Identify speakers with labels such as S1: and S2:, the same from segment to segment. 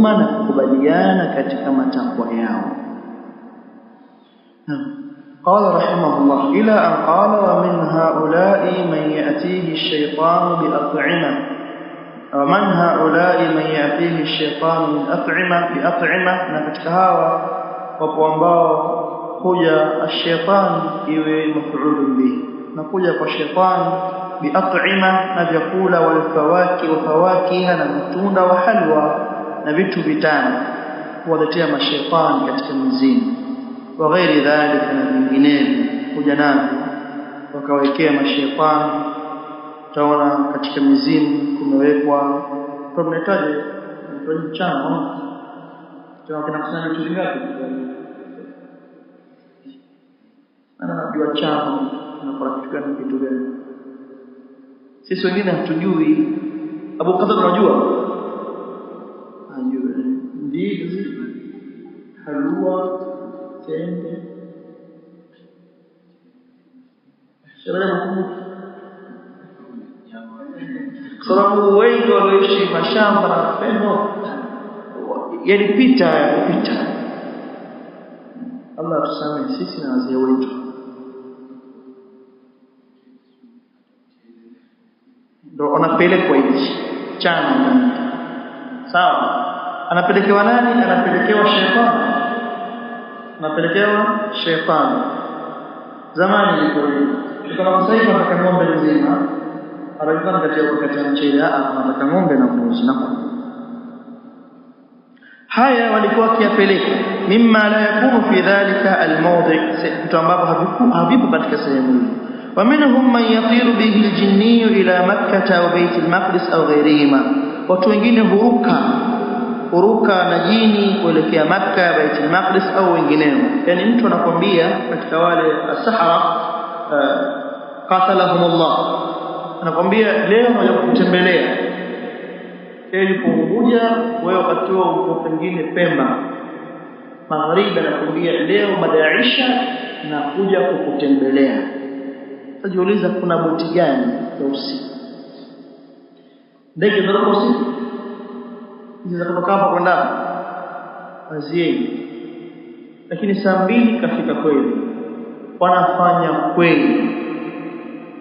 S1: umma na kukubaliana katika matakwa yao. قال رحمه الله إلى أن قال ومن هؤلاء من يأتيه الشيطان بأطعمة ومن هؤلاء من يأتيه الشيطان من أطعمة بأطعمة نكتهاوى وقوانباوى قويا الشيطان إيوي مفعول به نقويا الشيطان بأطعمة نجقول والفواكه وفواكه نمتون وحلوى na vitu vitano kuwaletea mashaitani katika mizimu, wa ghairi dhalika, na vinginevyo kuja navyo wakawekea mashaitani. Utaona katika mizimu kumewekwa mnahitaji mchana kinakusanya vitu vingapi? Anajua chama nakaa kitu gani? Sisi wengine hatujui. Abu Kadha, tunajua mvua tende sababu wengi walioishi mashamba na mapendo yalipita yakupita Allah tusamehe sisi na wazee wetu ndo anapelekwa hichi chana sawa anapelekewa nani anapelekewa shetani napelekewa shetani zamani ilikuwa kama sasa hivi nataka ng'ombe nzima anajulikana katika kukatia mchele anataka ng'ombe na mbuzi na haya walikuwa wakiyapeleka mimma la yakunu fi dhalika almawdi mtu ambapo havipo katika sehemu hiyo ومنهم من يطير به الجني إلى مكة أو بيت المقدس أو غيرهما وتوجين هروكا kuruka na jini kuelekea Makka, Baitul Maqdis au wengineo. Yani mtu anakwambia katika wale asahara uh, qatalahum Allah, anakwambia leo naja kutembelea Unguja, wewe wakati huo uko pengine Pemba magharibi, anakwambia leo baada ya Isha kukutembelea. Sasa kuna boti gani ya usiku? Ndege za usiku za kutoka hapa kwenda wazieni, lakini saa mbili kafika kweli, wanafanya kweli,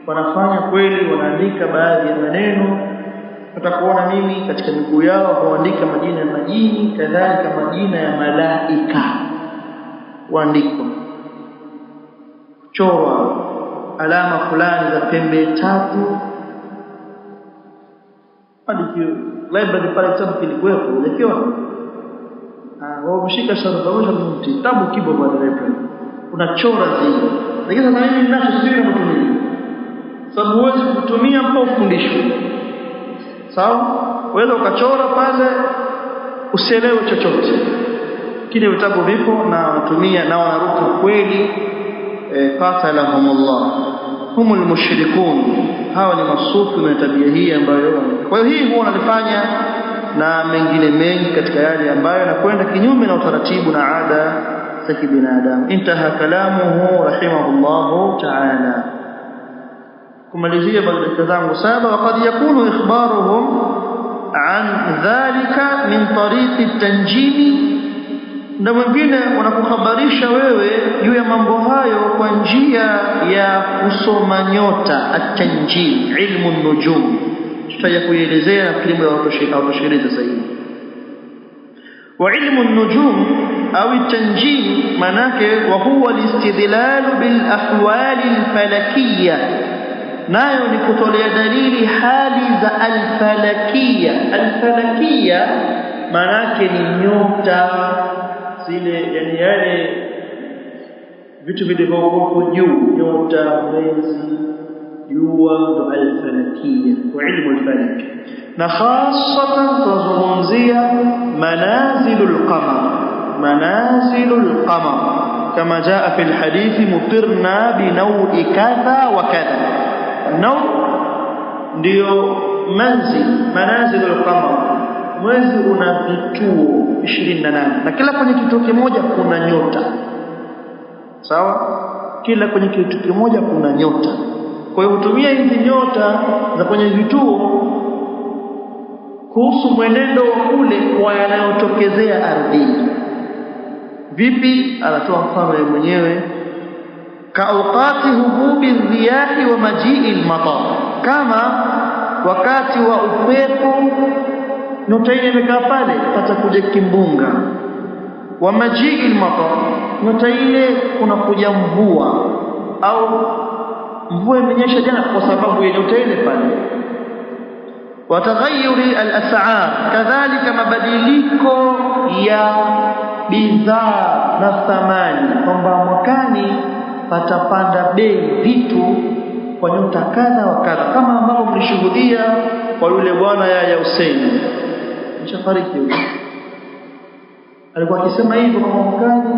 S1: wanafanya kweli, wanaandika baadhi ya maneno Utakuona mimi katika miguu yao huandika majina ya majini, kadhalika majina ya malaika huandikwa, kuchora alama fulani za pembe tatu hadi library pale kitabu kilikuwepo unakiona ah, wao kushika sharafawasha mti kitabu kibo kwa library unachora zile lakini sasa mimi ninacho sio na kutumia sababu huwezi kutumia mpaka ufundishwe sawa wewe ukachora pale usielewe chochote kile vitabu vipo na wanatumia na wanaruka kweli e, eh, qatalahumullah humul mushrikun hawa ni masufi wenye tabia hii ambayo. Kwa hiyo hii huwa wanalifanya na mengine mengi katika yale ambayo yanakwenda kinyume na utaratibu na ada za kibinadamu. Intaha kalamuhu rahimahullahu ta'ala. Kumalizia baada dakika zangu saba, waqad yakunu ikhbaruhum an dhalika min tariqi tanjimi na wengine wanakuhabarisha wewe juu ya mambo hayo kwa njia ya kusoma nyota, atanjii ilmu nujum. Tutaja kuielezea na fikiri muda hautoshiriki Wa ilmu nujum au tanjii, maanake wa huwa listidlalu bil ahwali alfalakiya, nayo ni kutolea dalili hali za alfalakiya. alfalakia maanake ni nyota zile yani yale vitu vilivyoko juu nyota, mwezi, jua ndo alfalakia wa ilmu alfalak, na hasatan tunazungumzia manazilu lqamar manazilu lqamar kama jaa fi lhadithi mutirna binaui kadha wa kadha. Nau ndiyo manzil manazilu lqamar mwezi una vituo ishirini na nane na kila kwenye kituo kimoja kuna nyota sawa. Kila kwenye kituo kimoja kuna nyota, kwa hiyo hutumia hizi nyota za kwenye vituo kuhusu mwenendo wa kule kwa yanayotokezea ardhini. Vipi? Anatoa mfano yeye mwenyewe kaukati hububi riyahi wa majii lmatar, kama wakati wa upepo nyota ile imekaa pale, patakuja kimbunga. wa majii lmatar, nyota ile kunakuja mvua au mvua imenyesha jana kwa sababu ya nyota ile pale. wa taghayyuri al-as'ar, kadhalika mabadiliko ya bidhaa na thamani, kwamba mwakani patapanda bei vitu kwa nyota kadha wa kadha, kama ambavyo mlishuhudia kwa yule bwana Yahya Hussein. ameshafariki huyo alikuwa akisema hivyo kama mkali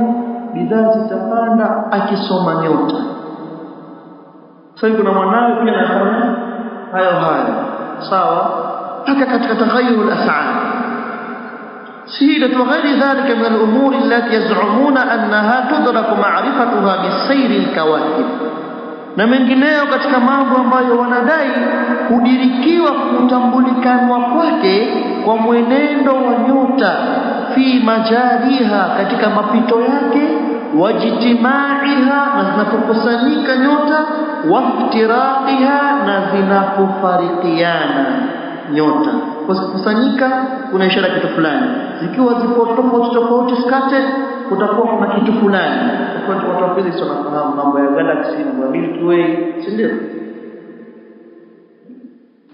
S1: bidhaa zitapanda akisoma nyota sasa hivi kuna mwanawe pia anafanya hayo hayo sawa mpaka katika taghayurul as'ar سيدة غير ذلك من الأمور التي يزعمون أنها تدرك معرفتها بالسير الكواكب na mengineyo katika mambo ambayo wanadai hudirikiwa kutambulikanwa kwake kwa mwenendo wa nyota fi majariha, katika mapito yake, wajtimaiha, na zinapokusanyika nyota, waftiraqiha, na zinapofarikiana nyota. Kwa kukusanyika kuna ishara kitu fulani, zikiwa zipo tofauti tofauti, scattered kutakuwa kuna kitu fulani. Kwa watu wa sio nafahamu mambo ya galaxy, mambo ya Milky Way, si ndio?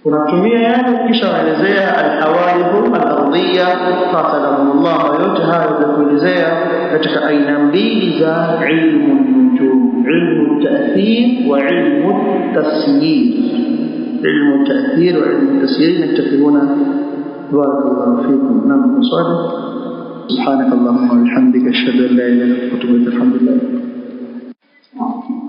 S1: unatumia yale kisha waelezea alhawadithu alardhiya qatalahum llah. Yote hayo kuelezea katika aina mbili za ilmu nujum, ilmu tathir wa ilmu tasyir. Ilmu tathir wa ilmu tasyir. Naktafihuna, barakallahu fikum. Naam, swali سبحانك اللهم وبحمدك اشهد ان لا اله الا انت الحمد لله